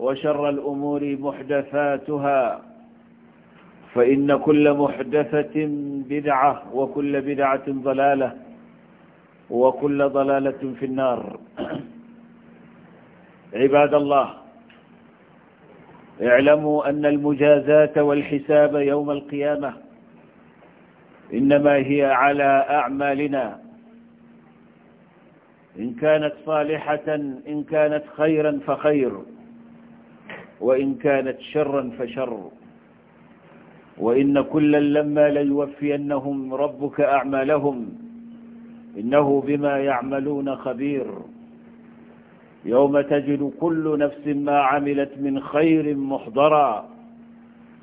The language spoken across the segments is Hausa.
وشر الأمور محدثاتها فإن كل محدثة بدعة وكل بدعة ضلالة وكل ضلالة في النار عباد الله اعلموا أن المجازات والحساب يوم القيامة إنما هي على أعمالنا إن كانت صالحة إن كانت خيرا فخير وإن كانت شرا فشر وإن كلا لما ليوفينهم ربك أعمالهم إنه بما يعملون خبير يوم تجد كل نفس ما عملت من خير محضرا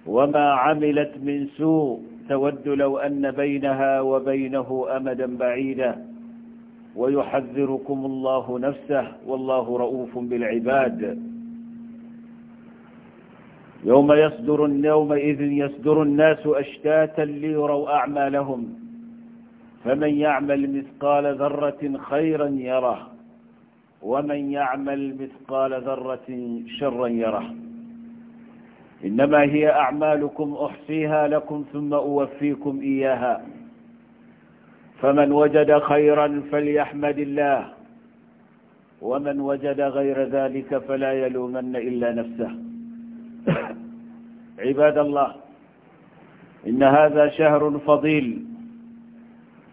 وما عملت من سوء تود لو أن بينها وبينه أمدا بعيدا ويحذركم الله نفسه والله رؤوف بالعباد يوم يصدر يومئذ يصدر الناس أشتاتا ليروا أعمالهم فمن يعمل مثقال ذرة خيرا يره ومن يعمل مثقال ذرة شرا يره إنما هي أعمالكم أحصيها لكم ثم أوفيكم إياها فمن وجد خيرا فليحمد الله ومن وجد غير ذلك فلا يلومن إلا نفسه عباد الله إن هذا شهر فضيل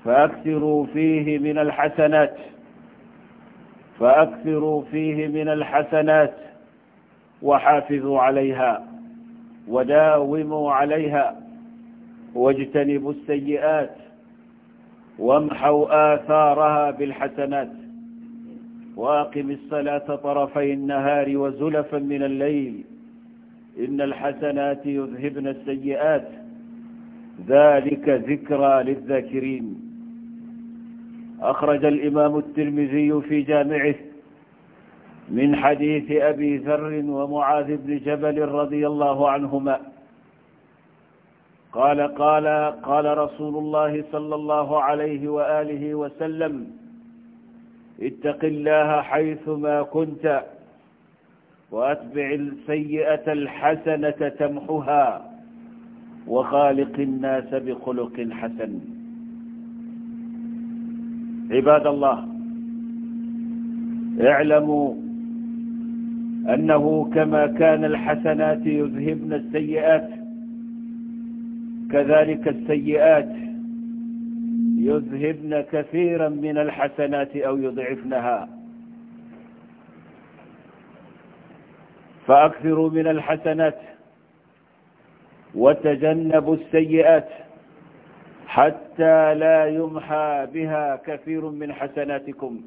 فأكثروا فيه من الحسنات فأكثروا فيه من الحسنات وحافظوا عليها وداوموا عليها واجتنبوا السيئات وامحوا آثارها بالحسنات وأقم الصلاة طرفي النهار وزلفا من الليل إن الحسنات يذهبن السيئات ذلك ذكرى للذاكرين أخرج الإمام الترمذي في جامعه من حديث أبي ذر ومعاذ بن جبل رضي الله عنهما قال قال قال رسول الله صلى الله عليه وآله وسلم اتق الله حيثما كنت وأتبع السيئة الحسنة تمحها وخالق الناس بخلق حسن عباد الله اعلموا أنه كما كان الحسنات يذهبن السيئات كذلك السيئات يذهبن كثيرا من الحسنات أو يضعفنها فأكثروا من الحسنات وتجنبوا السيئات حتى لا يمحى بها كثير من حسناتكم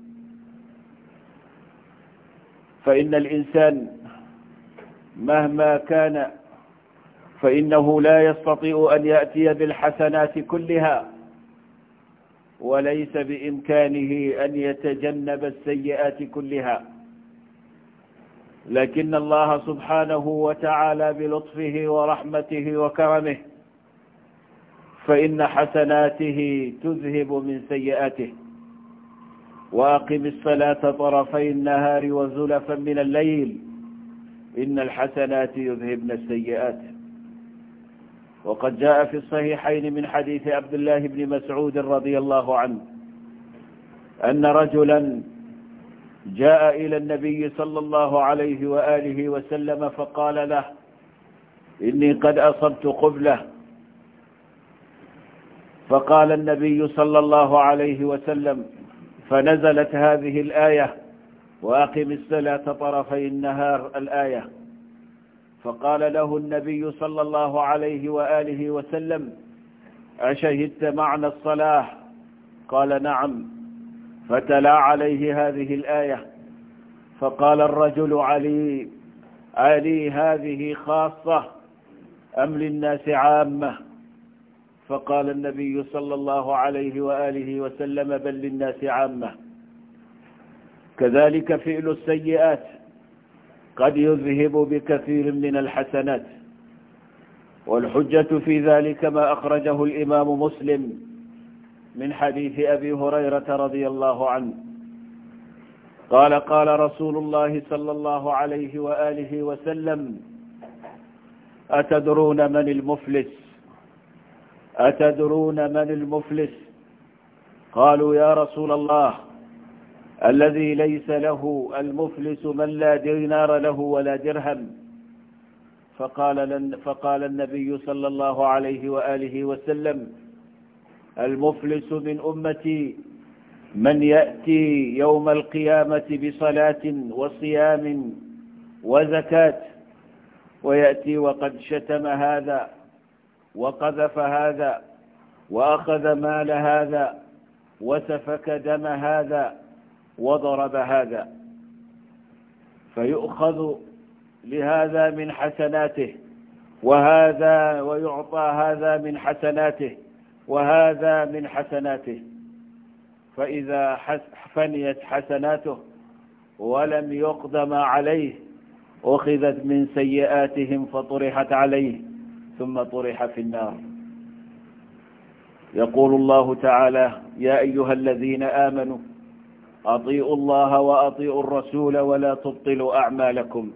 فإن الإنسان مهما كان فإنه لا يستطيع أن يأتي بالحسنات كلها وليس بإمكانه أن يتجنب السيئات كلها لكن الله سبحانه وتعالى بلطفه ورحمته وكرمه فإن حسناته تذهب من سيئاته وأقم الصلاة طرفي النهار وزلفا من الليل إن الحسنات يذهبن السيئات وقد جاء في الصحيحين من حديث عبد الله بن مسعود رضي الله عنه أن رجلا جاء إلى النبي صلى الله عليه وآله وسلم فقال له إني قد أصبت قبله فقال النبي صلى الله عليه وسلم فنزلت هذه الآية وأقم الصلاة طرفي النهار الآية فقال له النبي صلى الله عليه وآله وسلم أشهدت معنى الصلاة قال نعم فتلا عليه هذه الآية فقال الرجل علي علي هذه خاصة أم للناس عامة فقال النبي صلى الله عليه وآله وسلم بل للناس عامة كذلك فعل السيئات قد يذهب بكثير من الحسنات والحجة في ذلك ما أخرجه الإمام مسلم من حديث أبي هريرة رضي الله عنه قال قال رسول الله صلى الله عليه وآله وسلم أتدرون من المفلس أتدرون من المفلس قالوا يا رسول الله الذي ليس له المفلس من لا دينار له ولا درهم فقال, فقال النبي صلى الله عليه وآله وسلم المفلس من أمتي من يأتي يوم القيامة بصلاة وصيام وزكاة ويأتي وقد شتم هذا وقذف هذا وأخذ مال هذا وسفك دم هذا وضرب هذا فيؤخذ لهذا من حسناته وهذا ويعطى هذا من حسناته وهذا من حسناته فإذا فنيت حسناته ولم يقدم عليه أخذت من سيئاتهم فطرحت عليه ثم طرح في النار يقول الله تعالى يا أيها الذين آمنوا أطيعوا الله وأطيعوا الرسول ولا تبطلوا أعمالكم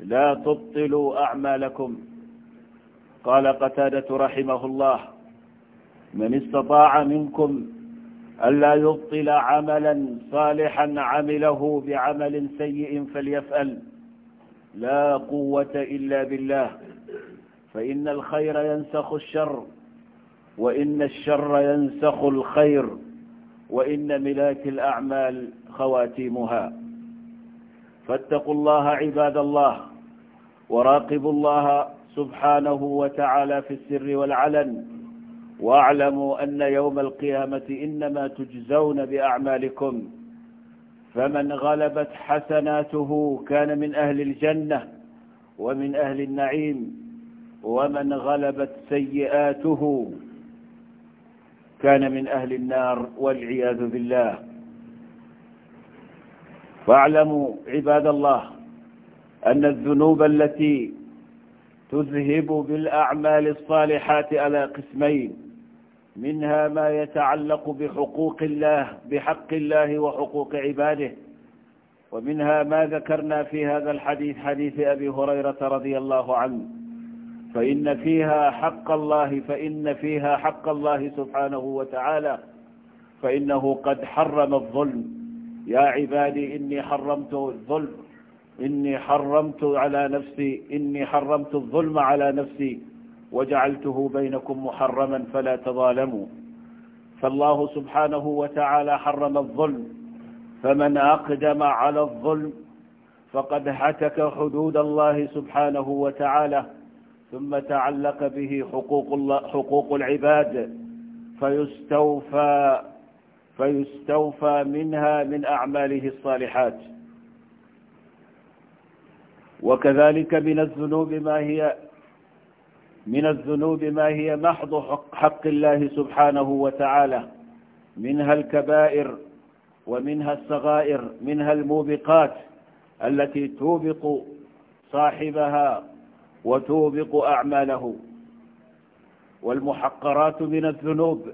لا تبطلوا أعمالكم قال قتادة رحمه الله من استطاع منكم ألا يبطل عملا صالحا عمله بعمل سيء فليفعل لا قوة إلا بالله فإن الخير ينسخ الشر وإن الشر ينسخ الخير وإن ملاك الأعمال خواتيمها فاتقوا الله عباد الله وراقبوا الله سبحانه وتعالى في السر والعلن واعلموا أن يوم القيامة إنما تجزون بأعمالكم فمن غلبت حسناته كان من أهل الجنة ومن أهل النعيم ومن غلبت سيئاته كان من أهل النار والعياذ بالله فاعلموا عباد الله أن الذنوب التي تذهب بالأعمال الصالحات على قسمين منها ما يتعلق بحقوق الله بحق الله وحقوق عباده ومنها ما ذكرنا في هذا الحديث حديث أبي هريرة رضي الله عنه فإن فيها حق الله فإن فيها حق الله سبحانه وتعالى فإنه قد حرم الظلم يا عبادي إني حرمت الظلم إني حرمت على نفسي إني حرمت الظلم على نفسي وجعلته بينكم محرما فلا تظالموا فالله سبحانه وتعالى حرم الظلم فمن أقدم على الظلم فقد هتك حدود الله سبحانه وتعالى ثم تعلق به حقوق, الله حقوق العباد فيستوفى, فيستوفى منها من أعماله الصالحات وكذلك من الذنوب ما هي من الذنوب ما هي محض حق الله سبحانه وتعالى منها الكبائر ومنها الصغائر منها الموبقات التي توبق صاحبها وتوبق أعماله والمحقرات من الذنوب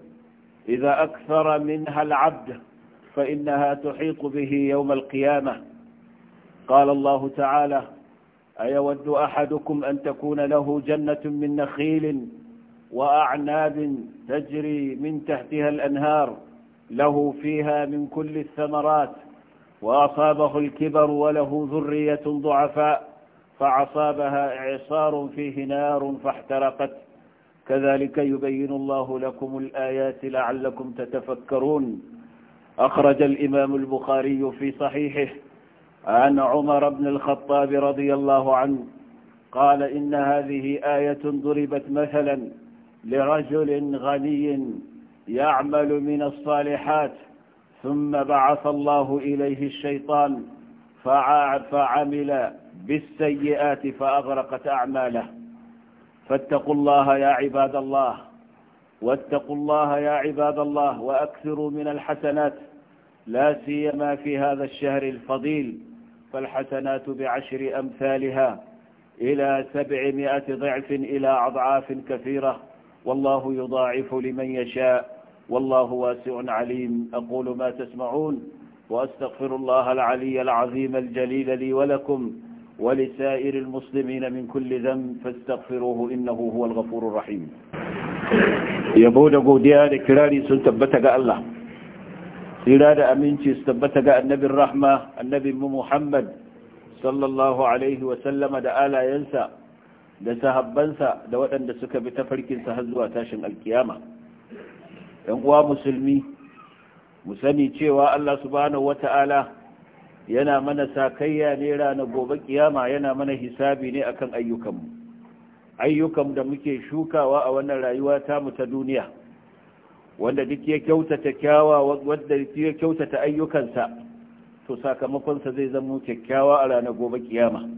إذا أكثر منها العبد فإنها تحيط به يوم القيامة قال الله تعالى أيود أحدكم أن تكون له جنة من نخيل وأعناب تجري من تحتها الأنهار له فيها من كل الثمرات وأصابه الكبر وله ذرية ضعفاء فعصابها إعصار فيه نار فاحترقت كذلك يبين الله لكم الآيات لعلكم تتفكرون أخرج الإمام البخاري في صحيحه عن عمر بن الخطاب رضي الله عنه قال إن هذه آية ضربت مثلا لرجل غني يعمل من الصالحات ثم بعث الله إليه الشيطان فعمل بالسيئات فأغرقت أعماله فاتقوا الله يا عباد الله واتقوا الله يا عباد الله وأكثروا من الحسنات لا سيما في هذا الشهر الفضيل فالحسنات بعشر أمثالها إلى سبعمائة ضعف إلى أضعاف كثيرة والله يضاعف لمن يشاء والله واسع عليم أقول ما تسمعون وأستغفر الله العلي العظيم الجليل لي ولكم ولسائر المسلمين من كل ذنب فاستغفروه إنه هو الغفور الرحيم يبود قوديا لكراري سنتبتك الله tsira da aminci su tabbata ga annabin rahma annabin muhammad sallallahu alaihi wasallama da alayensa da sahabbansa da waɗanda suka bi ta farkinsa har zuwa tashin alkiyama ‘yan uwa musulmi mu sani cewa Allah subhanahu wata'ala yana mana sakayya ne ranar gobe kiyama yana mana hisabi ne akan ayyukanmu ayyukan da muke shukawa a wannan rayuwa tamu ta duniya wanda duk ya kyautata kyawawa wanda duk ya kyautata ayyukansa to sakamakonsa zai zama kyakkyawa a ranar gobe kiyama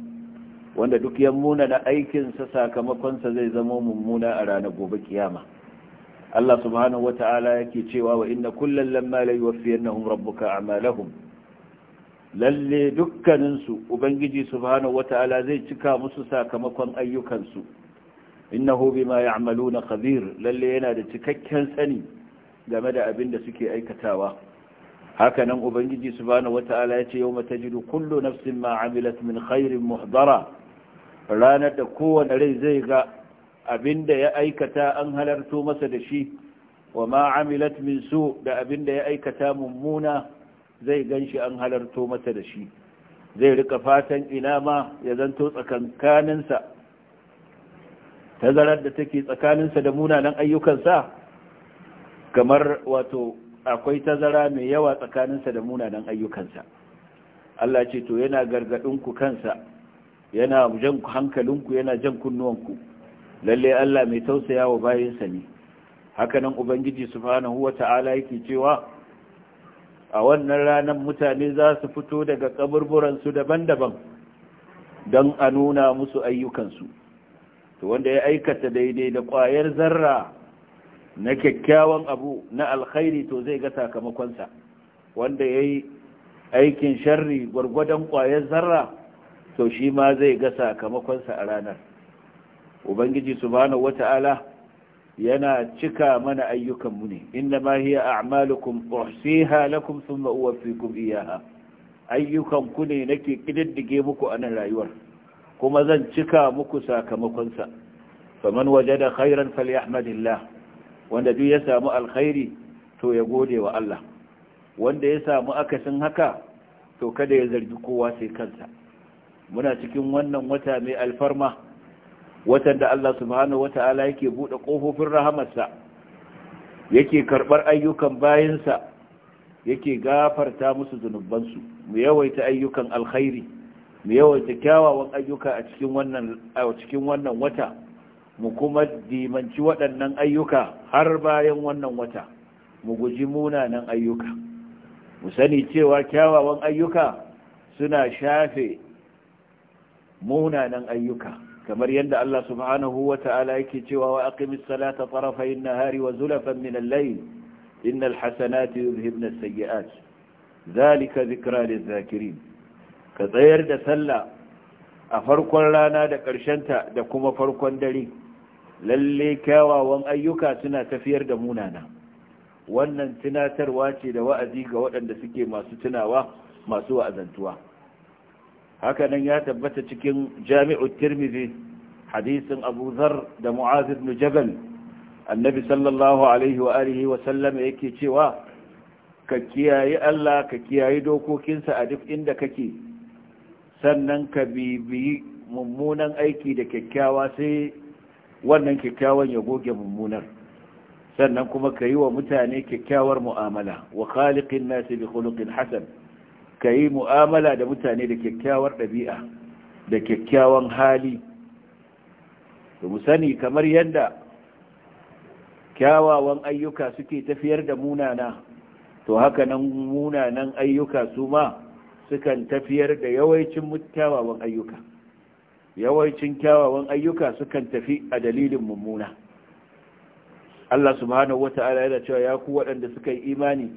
wanda duk ya muna da aikinsa sakamakonsa zai zama mummuna a ranar gobe kiyama Allah subhanahu wata'ala yake cewa wa inna kullal lamma la yuwaffiyannahum rabbuka a'malahum lalle dukkaninsu ubangiji subhanahu wata'ala zai cika musu sakamakon ayyukansu innahu bima ya'maluna khabir lalle yana da cikakken sani game da abin da suke aikatawa hakanan nan ubangiji subhanahu wata'ala ya ce yau matajidu kullu nafsin ma amilat min khairin muhdara ranar da kowane rai zai ga abin da ya aikata an halarto masa da shi wa ma amilat min su da abin da ya aikata mummuna zai ganshi an halarto masa da shi zai rika fatan ina ma ya zanto tsakankaninsa tazarar da take tsakaninsa da munanan ayyukansa kamar wato akwai tazara mai yawa tsakaninsa da munanan ayyukansa Allah ce to yana gargadinku kansa yana jan hankalinku yana jan kunnuwanku lalle Allah mai tausaya wa bayinsa ne nan ubangiji subhanahu wata'ala yake cewa a wannan ranar mutane za su fito daga kaburburansu daban-daban don a nuna musu ayyukansu to wanda ya aikata daidai da ƙwayar zarra na kyakkyawan abu na alkhairi to zai ga sakamakonsa wanda ya yi aikin sharri gwargwadon ƙwayar zarra to shi ma zai ga sakamakonsa a ranar ubangiji subhanahu wata'ala yana cika mana ayyukanmu ne inna ma hiya a'malukum uhsiha lakum thumma uwaffikum iyyaha ayyukan ku ne nake kididdige muku a nan rayuwar kuma zan cika muku sakamakonsa faman da khairan falyahmadillah wanda duk ya samu alkhairi to ya gode wa Allah wanda ya samu akasin haka to kada ya zargi kowa sai kansa muna cikin wannan wata mai alfarma watan da Allah subhanahu wata'ala yake bude kofofin rahamarsa yake karbar ayyukan bayinsa yake gafarta musu zunubansu mu yawaita ayyukan alkhairi mu yawaita kyawawan ayyuka a cikin wannan a cikin wannan wata mu kuma dimanci waɗannan ayyuka har bayan wannan wata mu guji munanan ayyuka mu sani cewa kyawawan ayyuka suna shafe munanan ayyuka kamar yadda Allah subhanahu wa ta'ala yake cewa wa aqimis salata tarafayn nahari wa zulafan min al innal hasanati yuzhibna sayyiat zalika dhikra lil ka tsayar da sallah a farkon rana da ƙarshenta da kuma farkon dare lalle kyawawan ayyuka suna tafiyar da munana wannan tunatarwa ce da wa'azi ga waɗanda suke masu tunawa masu wa'azantuwa hakanan ya tabbata cikin jami'u tirmidhi hadisin abu zar da mu'az ibn jabal annabi sallallahu alaihi wa alihi wa sallam yake cewa ka kiyaye Allah ka kiyaye dokokinsa a duk inda kake sannan ka bibi mummunan aiki da kyakkyawa sai wannan kyakkyawan ya goge mummunar sannan kuma ka yi wa mutane kyakkyawar mu'amala wa khaliqin nasi bi khuluqin hasan ka yi mu'amala da mutane da kyakkyawar ɗabi'a da kyakkyawan hali da mu sani kamar yadda kyawawan ayyuka suke tafiyar da munana to haka nan munanan ayyuka su ma sukan tafiyar da yawancin kyawawan ayyuka yawancin kyawawan ayyuka sukan tafi a dalilin mummuna Allah subhanahu wata'ala yana cewa ya ku waɗanda suka yi imani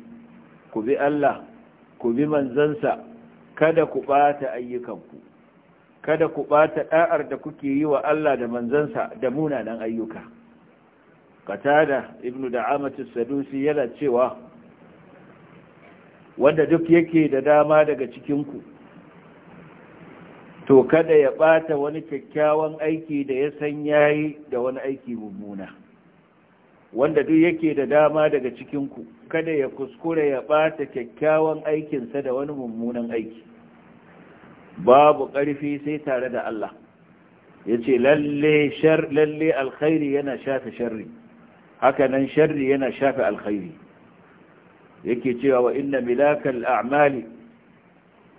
ku bi Allah ku bi manzansa kada ku ɓata ayyukanku kada ku ɓata ɗa'ar da kuke yi wa Allah da manzansa da munanan ayyuka katada ibn da'amatu sadusi yana cewa wanda duk yake da dama daga cikinku ku to kada ya ɓata wani kyakkyawan aiki da ya san yayi da wani aiki mummuna wanda duk yake da dama daga cikinku kada ya kuskure ya ɓata kyakkyawan aikinsa da wani mummunan aiki babu ƙarfi sai tare da Allah ya ce lalle alkhairi yana shafe sharri hakanan sharri yana shafe alkhairi yake cewa wa inna milakal a'mali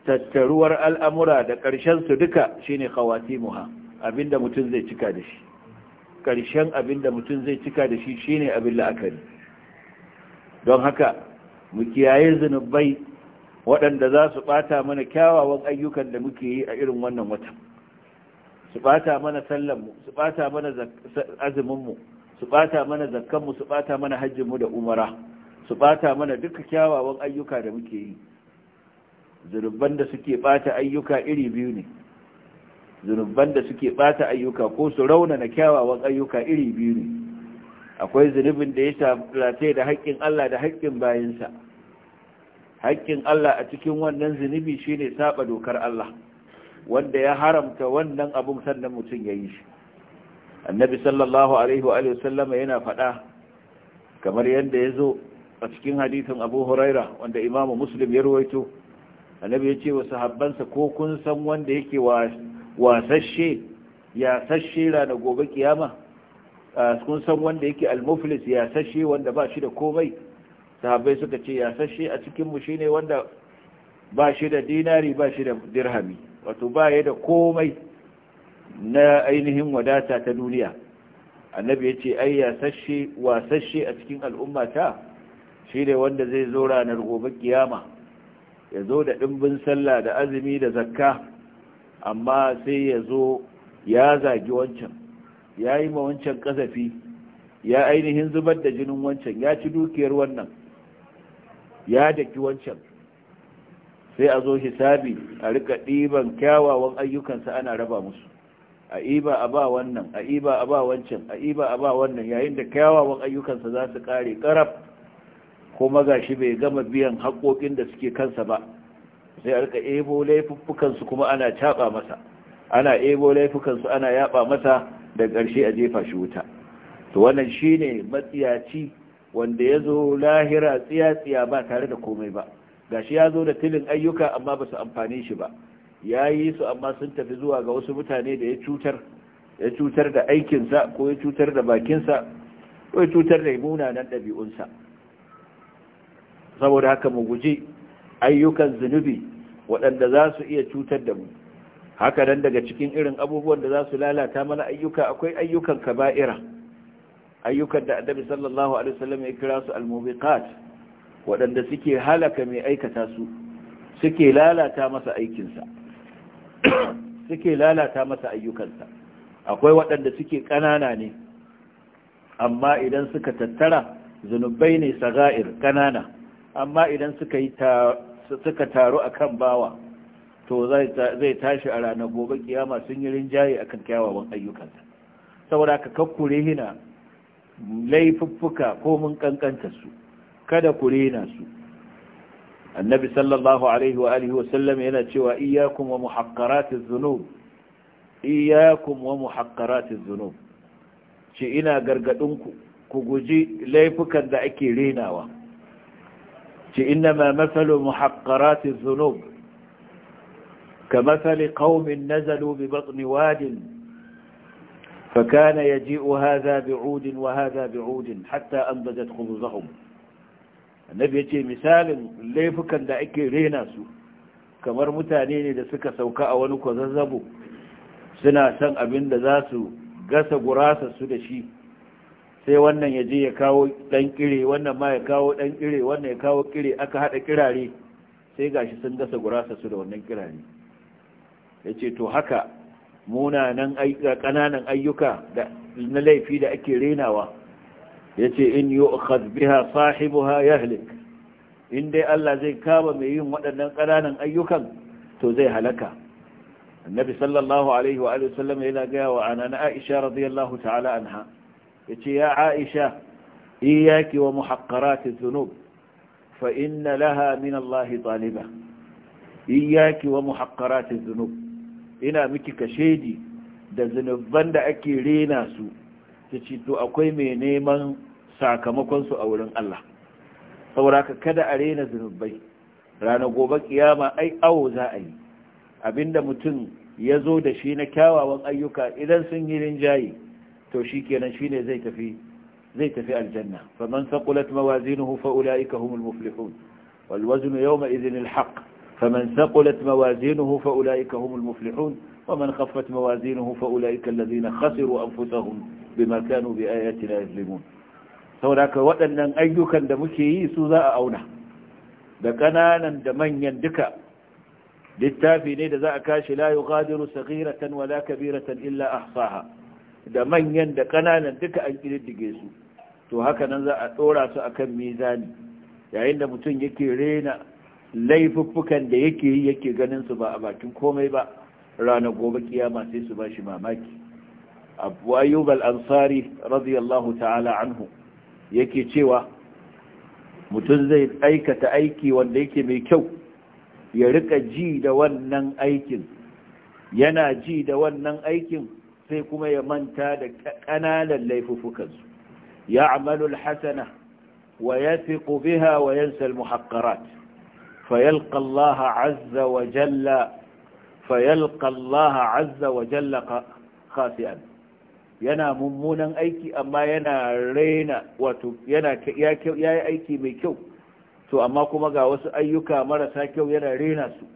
tattaruwar al'amura da ƙarshensu duka shine muha abinda mutum zai cika da shi ƙarshen abinda mutum zai cika da shi shine abin la'akari don haka mu kiyaye zunubai waɗanda za su ɓata mana kyawawan ayyukan da muke yi a irin wannan watan su ɓata mana sallanmu su ɓata mana azuminmu su ɓata mana zakkanmu su ɓata mana hajjinmu da umara su ɓata mana duka kyawawan ayyuka da muke yi zunuban da suke bata ayyuka iri biyu ne zunuban da suke bata ayyuka ko su rauna na kyawawan ayyuka iri biyu ne akwai zunubin da ya shafe da haƙƙin Allah da haƙƙin bayansa haƙƙin Allah a cikin wannan zunubi shine saba dokar Allah wanda ya haramta wannan abun sannan mutum ya yi shi annabi sallallahu alaihi wa sallama yana faɗa kamar yadda ya zo a cikin hadithin abu huraira wanda imamu muslim ya ruwaito annabi ya ce wa sahabbansa ko kun san wanda yake wasashe ya sashe rana gobe kiyama kun san wanda yake almuflis ya sashe wanda ba shi da komai sahabbai suka ce ya sashe a cikinmu shi ne wanda ba shi da dinari ba shi da dirhami wato ba ya da komai na ainihin wadata ta duniya annabi ya ce ai ya sashe wasashe a cikin al'ummata shi ne wanda zai zo ranar gobe kiyama ya zo da ɗimbin sallah da azumi da zakka amma sai ya zo ya zagi wancan ya yi ma wancan kasafi ya ainihin zubar da jinin wancan ya ci dukiyar wannan ya daki wancan sai a zo hisabi a rika ɗiban kyawawan ayyukansa ana raba musu a iba a ba wannan a iba a ba wancan a iba a ba wannan yayin da kyawawan ayyukansa za su ƙare ƙaraf ko magashi bai gama biyan haƙoƙin da suke kansa ba sai a rika ebo laifuffukansu kuma ana caɓa masa ana ebo laifukansu ana yaɓa masa da ƙarshe a jefa shi wuta to wannan shine matsiyaci wanda ya zo lahira tsiya-tsiya ba tare da komai ba gashi ya zo da tilin ayyuka amma ba su amfani shi ba ya yi su amma sun tafi zuwa ga wasu mutane da ya cutar ya cutar da aikinsa ko ya cutar da bakinsa ko ya cutar da munanan ɗabi'unsa saboda haka mu guji ayyukan zunubi waɗanda za su iya cutar da mu haka nan daga cikin irin abubuwan da za su lalata mana ayyuka akwai ayyukan kaba'ira ayyukan da annabi sallallahu alaihi wasallam ya kira su al-mubiqat waɗanda suke halaka mai aikata su suke lalata masa aikinsa suke lalata masa ayyukansa akwai waɗanda suke ƙanana ne amma idan suka tattara zunubai ne saga'ir ƙanana amma idan suka yi suka taru akan bawa to zai tashi a ranar gobe kiyama sun yi rinjaye akan kyawawan ayyukansa saboda ka kakkure hina laifuffuka ko mun kankanta su kada ku rena su annabi sallallahu alaihi wa alihi wa yana cewa iyyakum wa muhaqqaratiz zunub iyyakum wa muhaqqaratiz zunub ce ina ku ku guji laifukan da ake renawa إنما مثل محقرات الذنوب كمثل قوم نزلوا ببطن واد فكان يجيء هذا بعود وهذا بعود حتى أنبذت خبزهم النبي يجي مثال ليف كان دائك ريناس كمر متانين اذا لسك سوكاء ونكو ززبو سنة سنة أبن لذاس قس قراس السلشي sai wannan ya je ya kawo dan kire wannan ma ya kawo dan kire wannan ya kawo kire aka hada kirare sai gashi sun dasa gurasa su da wannan kirare yace to haka munanan ayyuka kananan ayyuka da na laifi da ake renawa yace in yu'khadh biha sahibuha yahlik in dai Allah zai kama mai yin waɗannan kananan ayyukan to zai halaka annabi sallallahu alaihi wa alihi sallam yana ga wa ana na Aisha radiyallahu ta'ala anha yace ya Aisha Iyaki wa muhaqqaratiz Zunub. fa inna laha min Allah taliba Iyaki wa muhaqqaratiz Zunub. ina miki kashedi da zunuban da ake rena su tace to akwai mai neman sakamakon su a wurin Allah ka kada a rena zunubai ranar gobe kiyama ai awo za a yi abinda mutum ya zo da shi na kyawawan ayyuka idan sun yi rinjaye توشيكي نشفين زيت في زيت في الجنة فمن ثقلت موازينه فأولئك هم المفلحون والوزن يومئذ الحق فمن ثقلت موازينه فأولئك هم المفلحون ومن خفت موازينه فأولئك الذين خسروا أنفسهم بما كانوا بآياتنا يظلمون سوراك وأن أيك أن دمشي سوداء أونا دكانا دمن يندك للتافي نيد ذا أكاش لا يغادر صغيرة ولا كبيرة إلا أحصاها da manyan da ƙananan duka an ƙididdige su to haka nan za a ɗora su a kan mizani yayin da mutum yake rena laifuffukan da yake yi yake ganin su ba a bakin komai ba rana gobe kiyama sai su ba shi mamaki abu ayyub al-ansari radiyallahu ta'ala anhu yake cewa mutum zai aikata aiki wanda yake mai kyau ya rika ji da wannan aikin yana ji da wannan aikin sai kuma ya manta da ƙananan laifuffukansu ya amalul hasana wa ya biha wa yansa al-muhaqqarat فيلقى الله عز وجل yana mummunan aiki amma yana raina wato yana ya aiki mai kyau to amma kuma ga wasu ayyuka marasa kyau yana raina su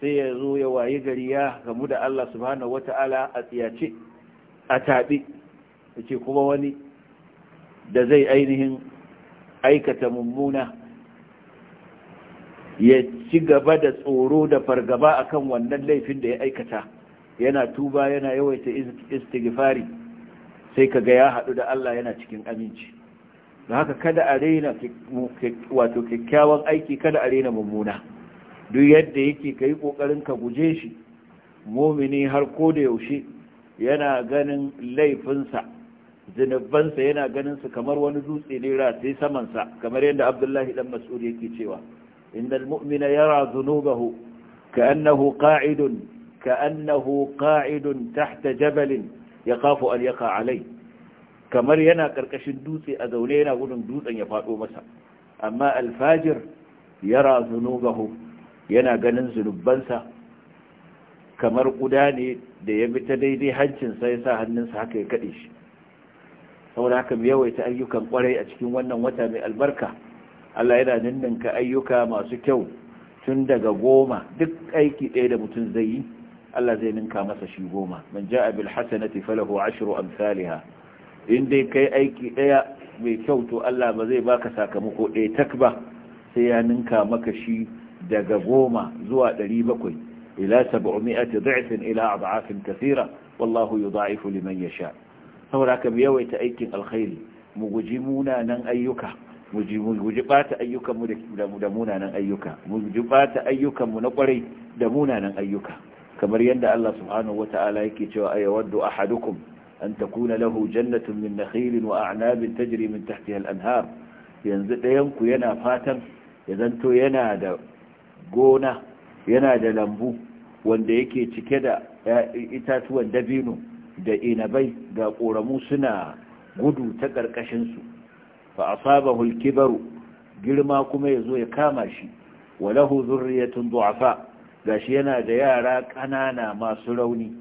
sai ya zo ya waye gari ya gamu da Allah subhanahu wata'ala a tsiyace a tabi yace kuma wani da zai ainihin aikata mummuna ya ci gaba da tsoro da fargaba akan wannan laifin da ya aikata yana tuba yana yawaita istighfari sai kaga ya haɗu da Allah yana cikin aminci da haka kada a raina wato kyakkyawan aiki kada a raina mummuna duk yadda yake ka yi ƙoƙarin ka guje shi mumini har ko da yaushe yana ganin laifinsa zinubansa yana ganin su kamar wani dutse ne ratai samansa kamar yadda abdullahi dan mas'ud yake cewa innal mu'mina yara zunubahu ka'annahu qa'idun ka'annahu qa'idun tahta jabalin ya an yaqa alai kamar yana karkashin dutse a zaune yana gudun dutsen ya faɗo masa amma alfajir yara zunubahu yana ganin zunubansa kamar guda ne da ya bi ta daidai hancinsa ya sa hannunsa haka ya kaɗe shi saboda haka mu yawaita ayyukan kwarai a cikin wannan wata mai albarka Allah yana ninninka ayyuka masu kyau tun daga goma duk aiki ɗaya da mutum zai yi Allah zai ninka masa shi goma man ja'a bil hasanati falahu ashru amsalha in dai kai aiki ɗaya mai kyau to Allah ba zai baka sakamako ɗaya tak ba sai ya ninka maka shi daga goma zuwa ɗari bakwai ila sab'umi'ati da'ifin ila ad'afin kathira wallahu da'ifu liman ya sha saboda ka yawaita aikin alkhairi mu guji munanan ayyuka mu guji bata ayyukan mu da munanan ayyuka mu guji bata ayyukan mu na kwarai da munanan ayyuka kamar yadda Allah subhanahu wata'ala yake cewa ayawaddu ahadukum an takuna lahu jannatun min nakhilin wa a'nabin tajri min tahtiha al-anhar yanzu dayan ku yana fatan ya zanto yana da gona yana da lambu wanda yake cike da itatuwan dabino da inabai ga ƙoramu suna gudu ta ƙarƙashinsu fa asabahu al girma kuma ya zo ya kama shi wa lahu zurriyatun ga shi yana da yara ƙanana masu rauni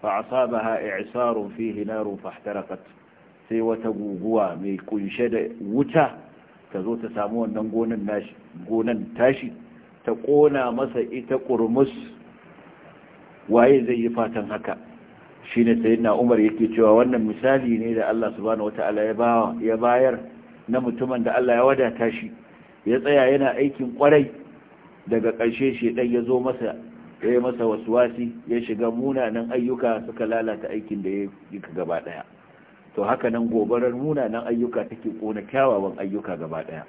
fa asabaha i'sarun fihi narun fahtaraqat sai wata guguwa mai kunshe da wuta ta zo ta samu wannan gonan tashi ta ƙona masa ita ƙurmus waye zai yi fatan haka shi ne sai na umar yake cewa wannan misali ne da Allah subhanahu wata'ala ya bayar na mutumin da Allah ya wadata shi ya tsaya yana aikin kwarai daga ƙarshe shi ɗan ya zo masa ya yi masa wasi, ya shiga munanan ayyuka suka lalata aikin da ya yi gaba ɗaya to haka nan gobarar munanan ayyuka take ƙona kyawawan ayyuka gaba ɗaya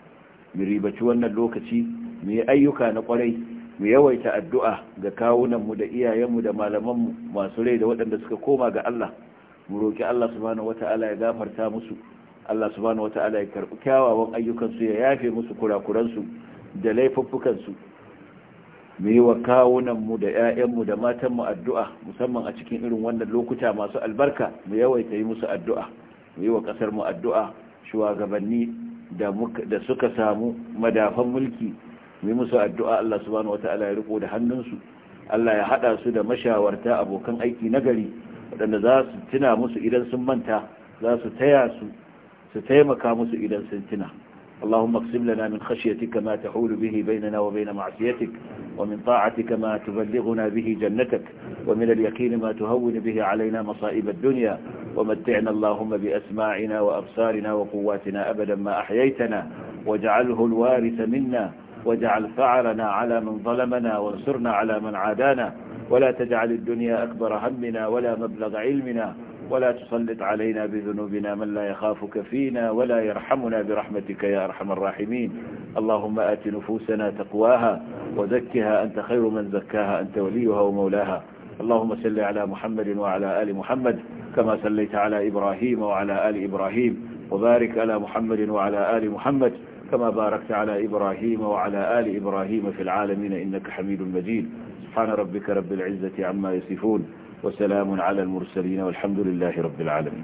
mu ribaci wannan lokaci mu yi ayyuka na kwarai mu yawaita addu'a ga kawunanmu da iyayenmu da malamanmu masu rai da waɗanda suka koma ga Allah mu roƙi Allah subhanahu wata'ala ya gafarta musu Allah subhanahu wata'ala ya karɓi kyawawan ayyukansu ya yafe musu kurakuransu da laifuffukansu mu yi wa kawunanmu da 'ya'yanmu da matanmu addu'a musamman a cikin irin wannan lokuta masu albarka mu yawaita yi musu addu'a mu yi wa ƙasarmu addu'a shugabanni da suka samu madafan mulki mai musu addu'a Allah subhanahu wata'ala ya riko da hannunsu Allah ya hada su da mashawarta abokan aiki nagari ستنا za su tuna musu idan sun manta za su taya su su taimaka musu idan sun tuna اللهم اقسم لنا من خشيتك ما تحول به بيننا وبين معصيتك ومن طاعتك ما تبلغنا به جنتك ومن اليقين ما تهون به علينا مصائب الدنيا ومتعنا اللهم بأسماعنا وأبصارنا وقواتنا أبدا ما أحييتنا واجعله الوارث منا واجعل فعلنا على من ظلمنا وانصرنا على من عادانا ولا تجعل الدنيا أكبر همنا ولا مبلغ علمنا ولا تسلط علينا بذنوبنا من لا يخافك فينا ولا يرحمنا برحمتك يا أرحم الراحمين اللهم آت نفوسنا تقواها وزكها أنت خير من زكاها أنت وليها ومولاها اللهم صل على محمد وعلى آل محمد كما صليت على إبراهيم وعلى آل إبراهيم وبارك على محمد وعلى آل محمد كما باركت على إبراهيم وعلى آل إبراهيم في العالمين إنك حميد مجيد سبحان ربك رب العزة عما يصفون وسلام على المرسلين والحمد لله رب العالمين